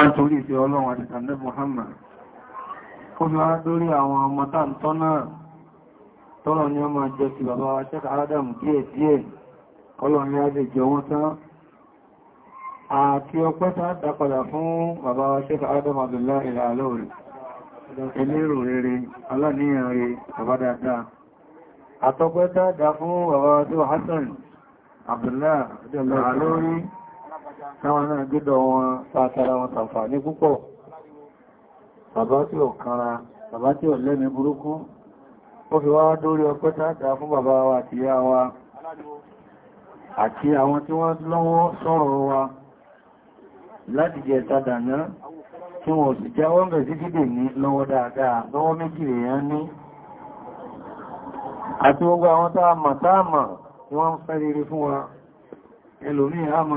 wá torí ìfẹ́ ọlọ́run àti tàbí Muhammad ó fi wá lórí àwọn ọmọ táàntọ́ náà tọ́rọ ni ọmọ jẹ́ sí bàbá wa ṣẹ́kà Adam díẹ̀ díẹ̀ ọlọ́run ya lè jẹ wọ́n tán àti ọpẹ́ tá dápadà fún bàbá wa ṣẹ́kà Adam Abdullahi Al-Alawi elérò rere aláníyàn rẹ̀ bàbá dáadáa àtọpẹ́ tá dá fún bàbá wa Hassan Abdullahi al táwọn náà gbẹ́dọ̀ wọn sáàtàrà wọn sàǹfààní púpọ̀ bàbá tí ò kanra bàbá tí ò lẹ́ni burúkú ó fi wá dórí ọpẹ́ tààtà fún bàbá wa àti ìyá wa àti àwọn tí wọ́n lọ́wọ́ sọ̀rọ̀ wa láti jẹ tàdàná tí wọ́n sì jáwọ́ mẹ́ sí dídè ní lọ́wọ́ dáadáa lọ́wọ́ méjì èèyàn ní àti wa ẹlòmí àmà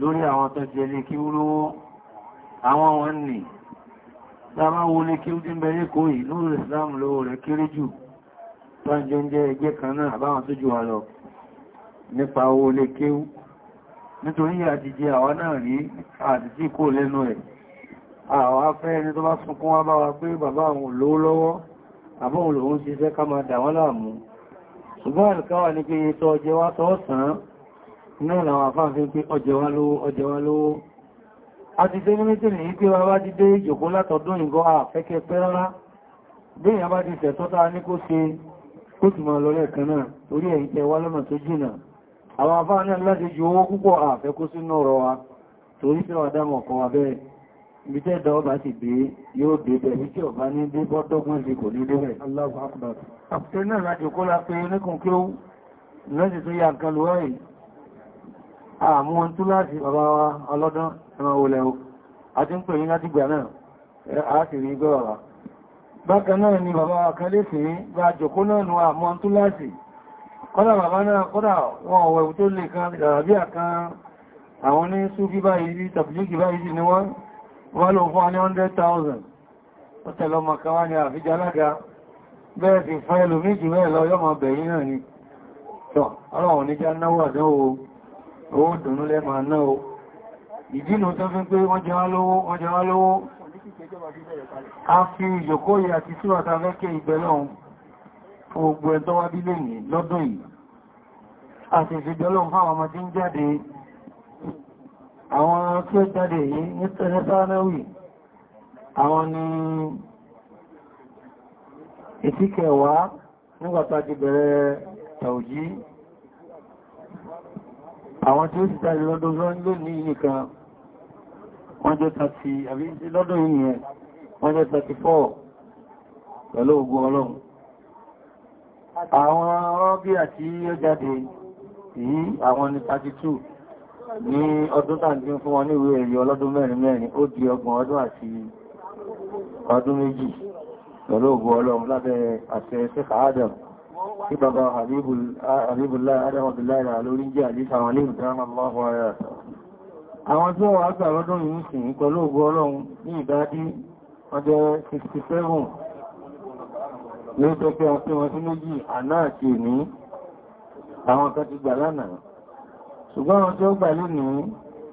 lórí àwọn tó jẹ lé kí ó lówó àwọn wọn nì dámá wo lé kí ó dín bẹ̀rẹ̀ kó yìí lórí Islam lówó rẹ̀ kéré jù tó ń jọ ń jẹ ẹgbẹ́ kan náà àbáwọn tó jù wà lọ nípa owó lé kéwú nítorí àjíjẹ àwọn náà rí àjíjí kó lẹ́nu ẹ̀ àwọn afẹ́ ẹni tó bá sunkún wá bá wa pé bàbá àwọn olówó lọ́wọ́ àbọ́n olówó ń ṣiṣẹ́ ká máa dà wọ́n láàmú ṣùgbọ́n àlùkáwà ní pé iye ọjẹ́ wá tọ́ sàn án náà làwọn àfáà fi pé ọjẹ́ wá lówó ọjẹ́ wá lówó a ti dé ní mítìrì yìí pé wá bá ti dé ìjòkó látọ̀dún ìgọ́ àfẹ́kẹ́ pẹ́ rárá bí ìyàn bá ti tẹ̀tọ́ta ní kó ṣe kó sì máa lọ lẹ́ẹ̀kan náà torí ẹ̀yìn tẹ wá lọ́nà tó jìnà àwọn àfáà náà láti ju owó púpọ̀ àfẹ́ Allahu Akbar àpùtẹ́ náà láti kó lápẹ́ oníkùn kí ó lọ́sì àmúwọn tó láti bàbá wa ọlọ́dán ẹran olẹ́ o a ti ń pè ní láti gbà náà a sì rí gbọ́ bàbá bákan náà ni bàbá wa kan lè fi bá jòkó náà nù àmúwọn tó láti kọ́dà bàbá náà kọ́dà wọn ọ̀wẹ̀ tó lè kan ìdàràbí àkan àwọn ní súfí báyìí rí tàbílíkì báyìí ni wọ́n wọ́n lò fún ní 100,000 ọ̀tẹ̀lọ́mọ̀ kan wá ní àfíjà alága bẹ́ẹ̀ sì fẹ́ lómí jù mẹ́ lọ yọ́mọ̀ owó dùnú lẹ́mà náà o ìdínú tó fi pé wọ́n jẹ wá lówó wọ́n jẹ wá lówó a fi ìjòkóyè àti síwàtà fẹ́kẹ́ ìbẹ̀lọ́un fún ogun ẹ̀tọ́ wá bí lẹ́yìn lọ́dún yìí a sì fi jọlọ́un fáwọn ọmọ tí ń jáde àwọn tí ó sì tàbí lọ́dún lọ́dún ní nìkan wọ́n jẹ́ 30 àbí lọ́dún yìnyẹn wọ́n jẹ́ 34 pẹ̀lú ogun ọlọ́run àwọn rọ́bí àti ó jáde yìí àwọn ní 32 ní ọdún tàbí fún wọn níwé ẹ̀rí ọlọ́dún mẹ́rin mẹ́rin ó di ọgbọ̀n ọdún àti ọdún méjì pẹ̀lú ogun ọlọ́run lábẹ́ àṣẹ ṣẹ́kà Adam tí bàbá àríbùlá adámọ̀bìlá ìrà lórí jẹ́ àdíta wọn ní ìdámà lọ́wọ́ ara àwọn tí wọ́n àgbà lọ́dún yìí sì ń pẹ̀lú ògbó ọlọ́run ní ìdádí ọjọ́ 67 ló tó pé ọpẹ́ wọn sí méjì àná àti ìní àwọn kan ti gbà lánàá ṣùgbọ́n àwọn tí ó gbà lónìí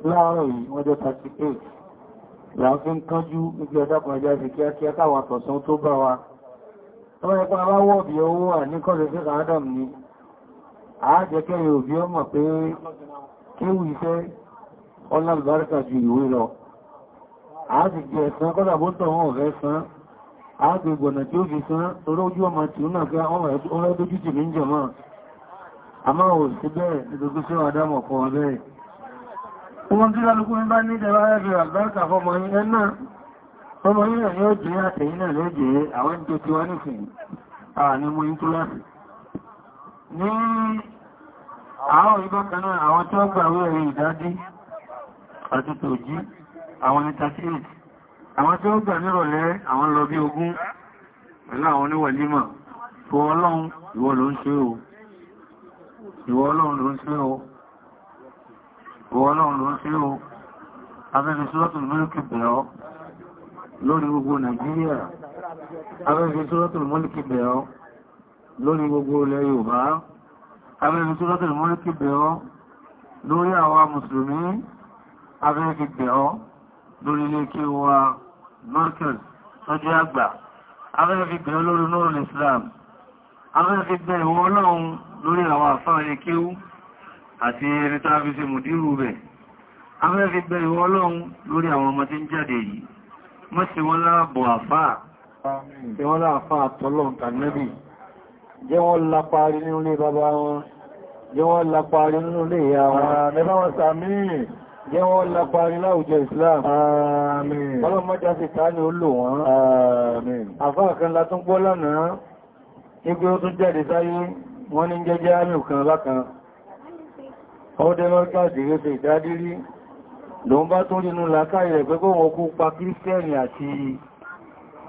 láàárọ̀ yìí wọ́n jẹ́ 38 ọmọ ẹ̀kọ́ aláwọ̀ bí owó à ní kọ́lẹ̀ sí adam ni àájẹ́kẹ́rẹ̀ òbí ọmọ pé kéwù iṣẹ́ ọlọ́lùbáríkà ju ìwé lọ àájẹ́kẹ́ ẹ̀sán kọ́lá bó tọ̀ wọn ọ̀rẹ́ sán àágbègbọ̀nà tí ó fi sán torójú ọmọ tí ó náà fẹ́ ọ̀rẹ́ dójú jì mí ń jẹ̀mọ́ àmọ́ ò sí bẹ́ẹ̀ nítorí sí adam ọ̀kọ̀ bẹ́ẹ̀ ọmọ yíyàn yóò jẹ́ àtẹ̀yìn náà yóò jẹ́ àwọn tó ti wá nífin àwọn ọmọ yín tó láti ní àwọn ìbákaná àwọn tó gbà wẹ́rẹ̀ ìdájí àti tòjí àwọn entertainment àwọn tó gbà nírọ̀lẹ́ àwọn lọ bí ogún pẹ̀lú àwọn oníwẹ̀límọ̀ fún ọlọ́run ìwọ ló ń ṣe o ìwọ ọlọ́run ló ń ṣe o ìwọ ọlọ́run ló ń ṣe o abẹ́ni sílọ́tù lórí kìbẹ̀ọ́ lórí gbogbo Nàìjíríà abẹ́fẹ́ suratul mulki bẹ̀ọ́ lórí gbogbo ilẹ̀ Yorùbá abẹ́fẹ́ suratul mulki bẹ̀ọ́ lórí àwa mùsùlùmí abẹ́fẹ́ bẹ̀ọ́ lórí ilé kí wa Merkel tọ́jú àgbà abẹ́fẹ́ bẹ̀ọ́ lórí Nurul Islam abẹ́fẹ́ bẹ̀ ìwọ ọlọ́run lórí àwọn àfáà ń jáde yìí wọ́n ti wọ́n láàbọ̀ àfáà tí wọ́n láàfáà tọ́lọ́n tàbí jẹ́ wọ́n lápàárí nínú ilé bàbá wọn jẹ́ wọ́n lápàárí nínú ilé ìyá wọn mẹ́bá wọn sàmì jẹ́ wọ́n lápàárí láwùjọ Islam ọlọ́mọjá sì ta kan látún gbọ́ lánàá ipé lòun bá tó nínú làkáì rẹ̀ pé kóhun okú pa kírísítẹ́nì àti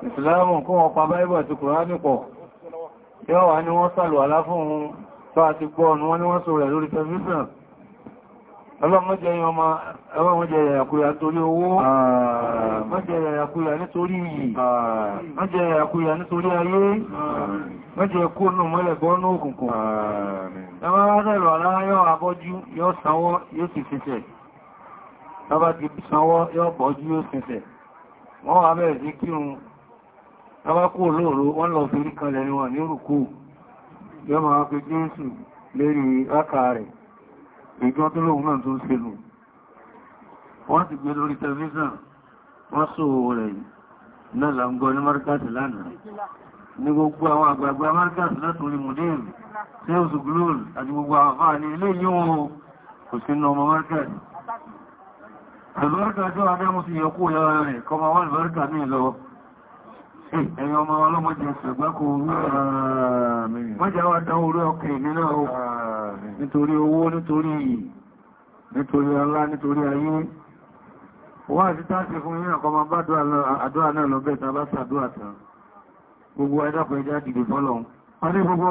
ìsìláàmù kóhun pa báíbà àti kùránì pọ̀ yọ́ wà ní wọ́n sàlù àlá fún un tó àti gbọ́ ọ̀nà wọ́n ní wọ́n sọ rẹ̀ lórí tẹlifíṣàn ọlọ́mọ́jẹ ìyàkúyà nítorí owó mọ́jẹ ìyàkúyà nítorí iyì mọ́jẹ ìyàkúyà nítorí ayé mọ́jẹ kónù mọ́lẹ̀gbọ́n ní òkùnkùn ẹwọ́n rẹ̀ lọ́lá tọba ti sanwọ́ yọ bọ́jú yóò sẹsẹ̀ wọ́n wà bẹ̀rẹ̀ sí kírun tọba kú olóòrò wọ́n lọ fi ríkanlẹ̀ ni wọ́n ní rùkú yọ ma pe jésù lérí rákà rẹ̀ ìjọ tó lóhun náà tó ń se wọ́n ti gbé lórí tẹlifíṣàn wọ́n sòwò rẹ̀ náà làǹgọ́ ní márkàtì lánàá ní gbogbo àwọn àgbààgbà márkàtì látòrí mùdíìrì tí ó sùgbùlóòrì àti gbogbo àwọn àfáà ní ilé yíò kò sínú ọmọ márkàtì àlùbáríkà tó adámú ti yọkú lára rẹ̀ kọmọ wà àlùbáríkà ní lọ ẹ̀yọ ọmọ ṣẹ̀gbákò wá dán ọkẹ̀ nínú nítorí owó nítorí nítorí ọlá nítorí ayé àti táàkì fún kọmọ bá àdúrà náà lọ bẹ́ẹ̀ tàbá sàdúrà tán gbogbo ẹ̀dàpọ̀ ẹjá dìde fọ́lọ́un wọ́n ní gbogbo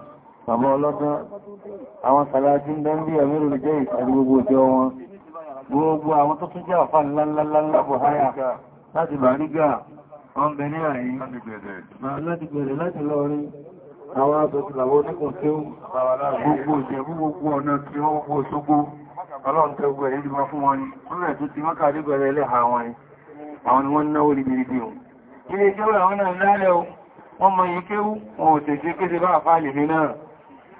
bàbá ọlọ́tán àwọn sàlájú ń dán bí ẹ̀mírù jẹ́ ìsàrí gbogbo ìjọ wọn gbogbo àwọn tó tún jẹ́ àfà ńláńláńlá bọ̀háyà láti bàrígà wọ́n bẹ ní àyí láti bẹ̀rẹ̀ láti lọ rí àwọn aṣòfin àwọn oníkùn tí ó gbogbo ìjẹ̀bú gbogbo ọ̀nà tí ó gbogbo ṣogbo ọlọ́run tẹ́ gbogbo ẹ̀yẹ́ jùmọ́ fún wọn ni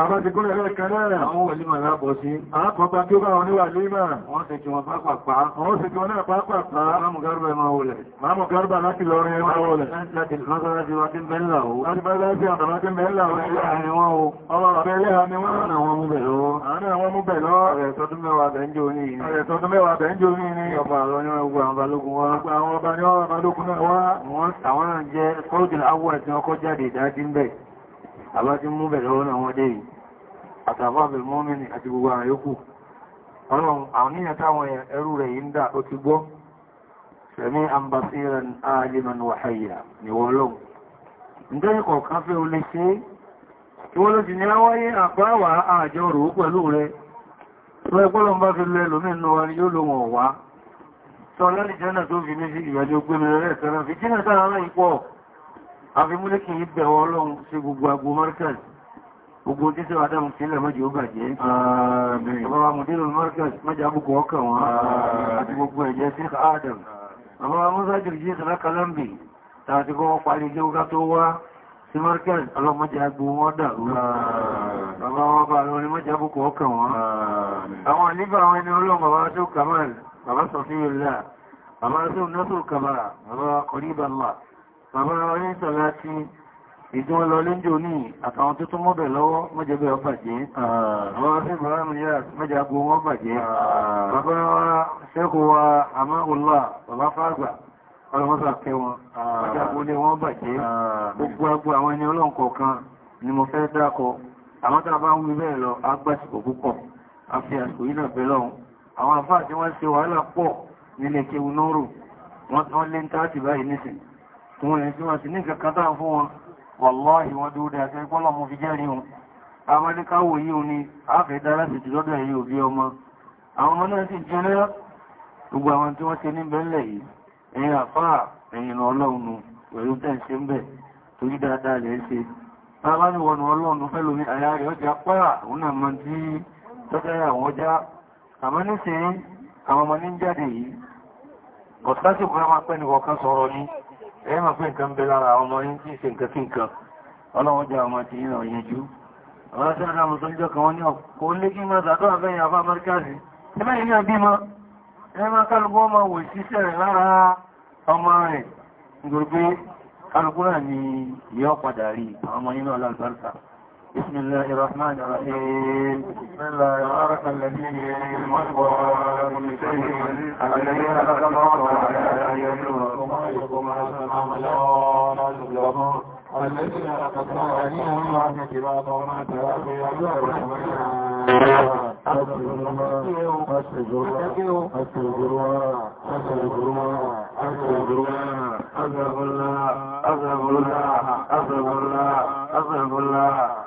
àwọn ti gúnlẹ̀ lẹ́ẹ̀kan náà àwọn wòlímà lábọ̀ sí àápọ̀pá tí ó bá wọn níwà lè máa wọ́n ti kí wọn pápàpá wọ́n ti kí wọn náà pápàpá máàmù gárùbà ẹmà wọlẹ̀ máàmù gárùbà láti lọ rin ẹmà wọlẹ̀ láti mọ́sánlájí wá kí ń bẹ́ńlá o láti mọ́sánlájí àtàrà kí o ẹ̀rẹ́ wọn o ọwọ́ àbẹ́lẹ́ àmì wọn náà wọn mú bẹ̀ lọ́wọ́ àánú àwọn mú bẹ̀ lọ́wọ́ ọ̀rẹ́ tọdún mẹ́wàá bẹ́ńjọ́ ní ni ọ̀rẹ́ tọdún mẹ́wàá àbá ti mú bẹ̀rẹ̀ ọ́nà wọn dé yìí àtàfàbẹ̀ mọ́mìnì àti gbogbo àwọn yòókù ọlọ́run àwọn níyàn táwọn ẹrú rẹ̀ yìí ń dà ó ti gbọ́ sẹ̀mí ambasiran ni wọ́n lọ́n ǹjẹ́ ìkọ̀ọ̀kan fẹ́ o lè ṣe kí wọ́n ló ti ní àwáyé àpáwà àjọ rò pẹ̀lú rẹ̀ tó ẹgbọ́lọ́n ni yóò lò wọ̀n wá sọ lẹ́lì jẹ́nà tó fi afimúlékì yìí bẹ̀wọ̀ ọlọ́run sí gbogbo agbo markaz gbogbo tí sí adam sílẹ̀ mọ́jì ó bàjẹ́ ọba mọ̀dínlù markaz mọ́jì abúkọ ọkà wọn àti gbogbo ẹ̀jẹ́ sí adam àwọn amúsá jìrìjì ìtàlá kalambi tààtí kọ́ parí jẹ́ ọgá tó wá sí markaz ọlọ́mọ́jì agbo wọn dàrú bàbá wọn bá lọ ní mọ́jì abúkọ ọkà wọn àwọn àlífà àwọn ẹni ọlọ́run bàbá tó kamal bàbá sọfíìlà bàbá bàbá oníṣọ́ láti ìdí wọn lọ lóúnjẹ ní àtàwọn tó tún mọ́bẹ̀ lọ́wọ́ mọ́jẹ̀bẹ̀ ọbàjẹ́ àwọn sí bàbá mìíyà mẹ́jàgbó wọn bàjẹ́ bàbá ṣẹ́kù wa àmáhùlá bàbá fàgbà ọlọ́mọ́sà kẹwọn mẹ́jàgbó lé wọn bàjẹ́ gbogbo agbó àwọn ẹni ọlọ́nkọ̀ọ̀kan ni mo fẹ́ dákọ àwọn tàbá ń wí bẹ́ẹ̀ lọ agbásìkò púpọ̀ àfi àsìkò yìí náà bẹ́lọ́run àwọn àfáà tí wọ́n ṣe wàhálà pọ̀ nílé kéwu nọ́rù wọ́n lé ń tààtì báyìí nísìnyí wọn èyí tí wọ́n ti ní kàkàtà fún wọn wàláhì wọ́n dúró dáa tẹ́ mú fi jẹ́rin wọn amẹ́ríkáwò yíò ní àfẹ́dá láti ti lọ́dọ̀ èyí òbí ọmọ àwọn ọmọ náà sì jẹ́rẹ́ gbogbo àwọn tí wọ́n ti ní bẹ́ẹ̀lẹ̀ yìí ẹ̀yìn àfáà ẹ̀yìn ọlọ́run ẹ máa pín nǹkan bẹ lára ọmọ yín tí ṣe nǹkan sí nǹkan ọlọ́wọ́ jẹ́ ọmọ tí yíò yẹjú ọ̀rọ̀ tí àdámù tó jọ kan wọ́n ní ọkọ̀ lẹ́gbẹ́ máa tàtọ́ àfẹ́yìn àfá mẹ́ríkàzì ẹgbẹ́ ilé ọbí ma ẹ máa kálùkù ọmọ wò síṣẹ́ rẹ̀ lára ọmọ ni yọ́ padà rí àwọn ọmọ yín náà lálùbáríkà بسم الله الرحمن الرحيم بسم الله الرحمن الرحيم عملا الذين عليهم وما الله الله الله الله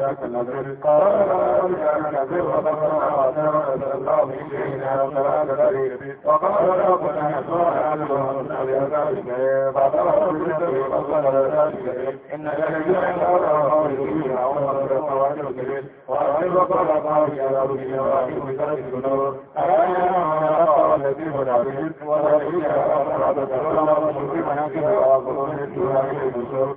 تركت نذرك لأنك ذرة وأدرت الله شيئا فلا تدري وقال ربنا يسوع أنهم لذلك فاعترفوا بذنبي فصل ذلك إن الذين كفروا قوله أول السماوات والكبير وأعرض قول قومي على ربي وأعطيه بذلك النور ألا يرى الذين العبيد والذين أخرجت الله مشركا كما يقولون في هذه النشور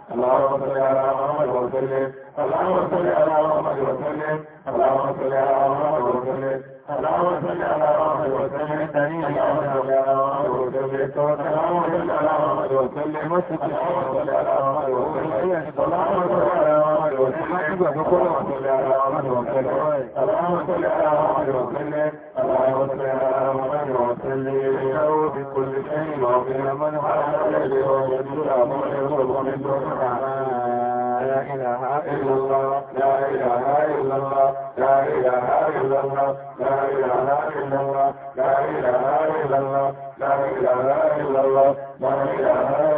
لا اله الا الله لا اله الا الله لا اله الا الله لا إله إلا الله لا إله إلا الله لا إله إلا الله لا إله إلا الله لا إله إلا الله لا إله إلا الله لا إله الا الا الله الله لا اله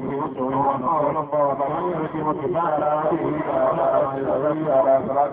وبرسله ونصر الله وبرسله وكما تبع على هذه على صلاة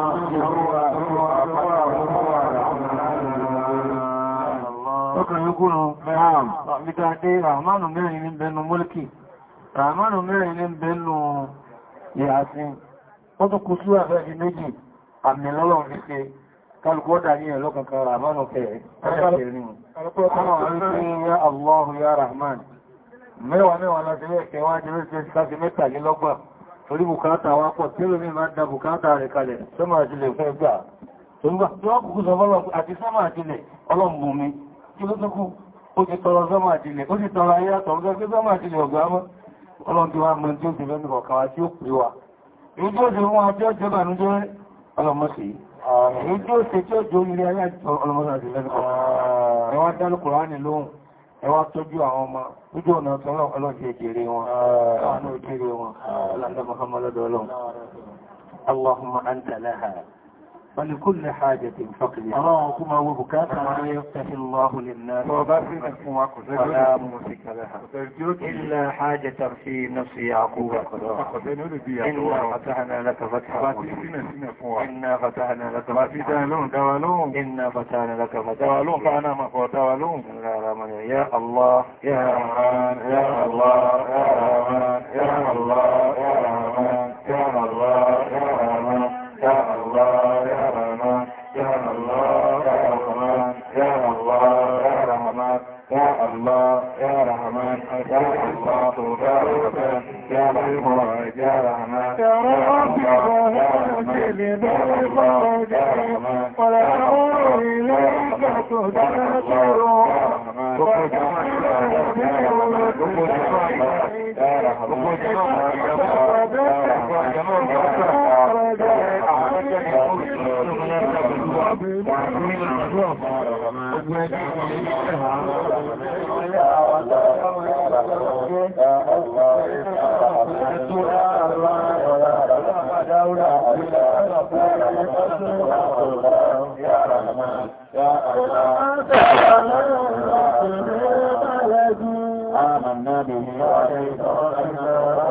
mẹ́rìndínlógún nígbà pé ràmánù mẹ́rin ní bẹnu mọ́lìkì ràmánù mẹ́rin ní bẹnu ìyàsí ó tó kú súwà fẹ́ di méjì àmì lọ́lọ́run ṣe kálùkọ́ dà ní ẹ̀lọ́kankan ràmánù fẹ́ kí ló tókù ó ti tọrọ sọ́mà àtìlẹ̀ ó ti tọrọ ayé àtọ̀rọ̀ pé sọ́mà àtìlẹ̀ ọ̀gá mọ́ ọlọ́dí wa mọ́ tí ó ti lẹ́nu kọ̀ọ̀kan wá tí ó pè wá èyí tí ó ṣe wọn àti ọjọ́ ìbànújẹ́ ọlọ́mọ́sí èyí tí ó ṣe tí ó jẹ́ onílé ayé ọlọ́mọ́sí àti lẹ́nu kọ̀ọ̀kan ẹwà dálùkùránì lóhùn ẹwà tọ́jú àwọn ọmọ lójú ọ̀nà tọ́lọ́ ọlọ́dí èkèrè wọn àwọn èkèrè wọn ọlọ́dí Muhammadu ọlọ́run Allahumma anta laha ولكل حاجة فقد أراكم وبكاء فلا يفتح الله للناس ولا ممسك لها إلا حاجة في نفس يعقوب إنا فتحنا لك فتحا إنا فتحنا لك فتحا إنا فتحنا لك فتحا يا الله يا رحمن يا الله يا رحمن يا الله آمنا به وعليه وعليه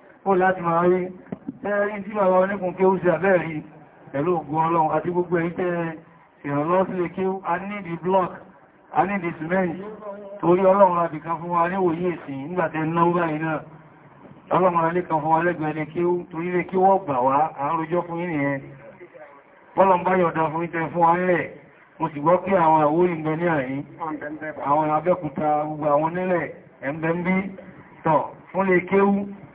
ó láti máa rí ẹ̀rí tí bàbá oníkùn kí ó sí àbẹ́ẹ̀rí pẹ̀lú ògùn ọlọ́run àti gbogbo èyí tẹ́ ìrànlọ́sílẹ̀ kí a nídi block a nídi cement torí ọlọ́run láti kan fún wa níwòyí èsì nígbàtẹ́ náwó báyìí náà ọlọ́run alé kéwú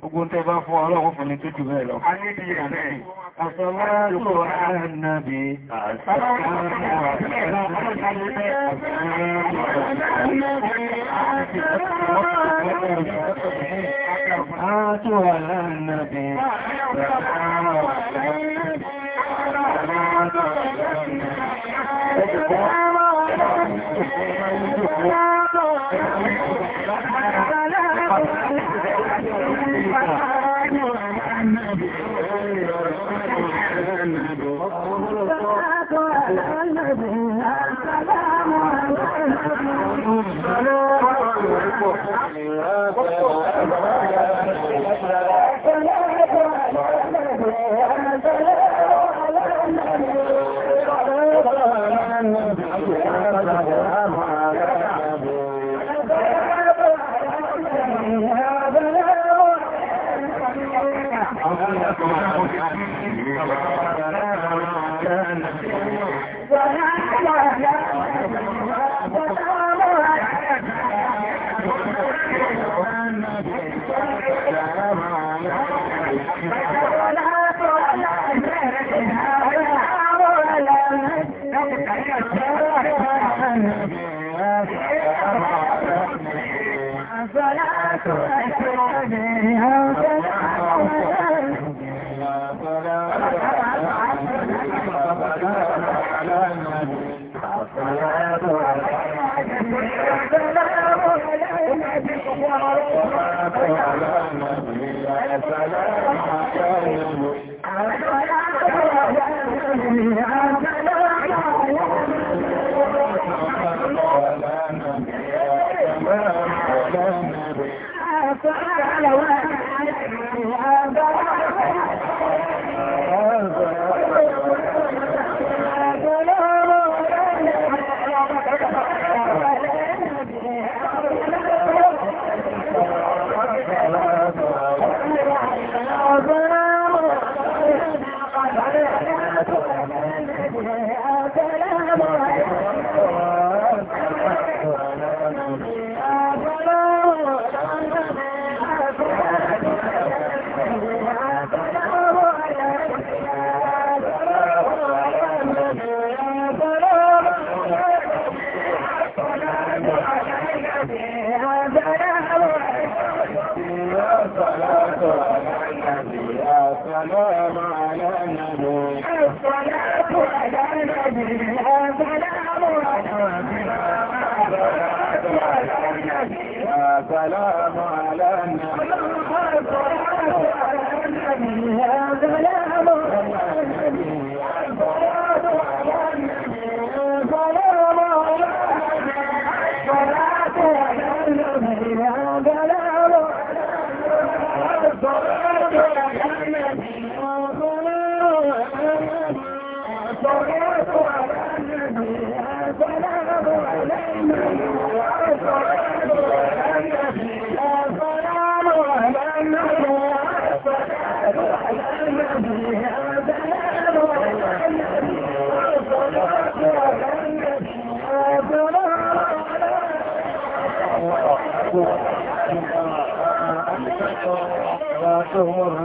gbogbo tẹ bá fún ọlọ́run fún mi tó jù bẹ́ẹ̀ lọ. どうもありがとうございました。على ما كان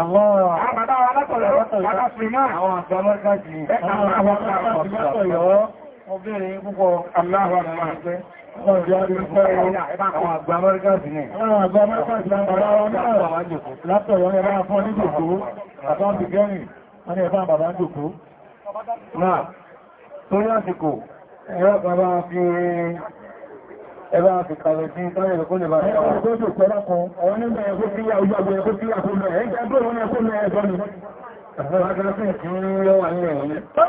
Àwọn àbádá alátọ̀lẹ̀ látọ̀lẹ̀ Àwọn àgbà Amẹ́ríkà sí ní. Àwọn àgbà Amẹ́ríkà sí ní àbára wọn náà látọ̀ ìwọ̀n ẹ̀bá fún ní jòkó, àbá ti gẹ́rì, wọ́n ni ẹ̀bá bàbá jòkó. Náà, torí àsìkò, ẹ̀rọ bàbá fi ẹbá fi kàrẹ̀ sí tọ́lẹ̀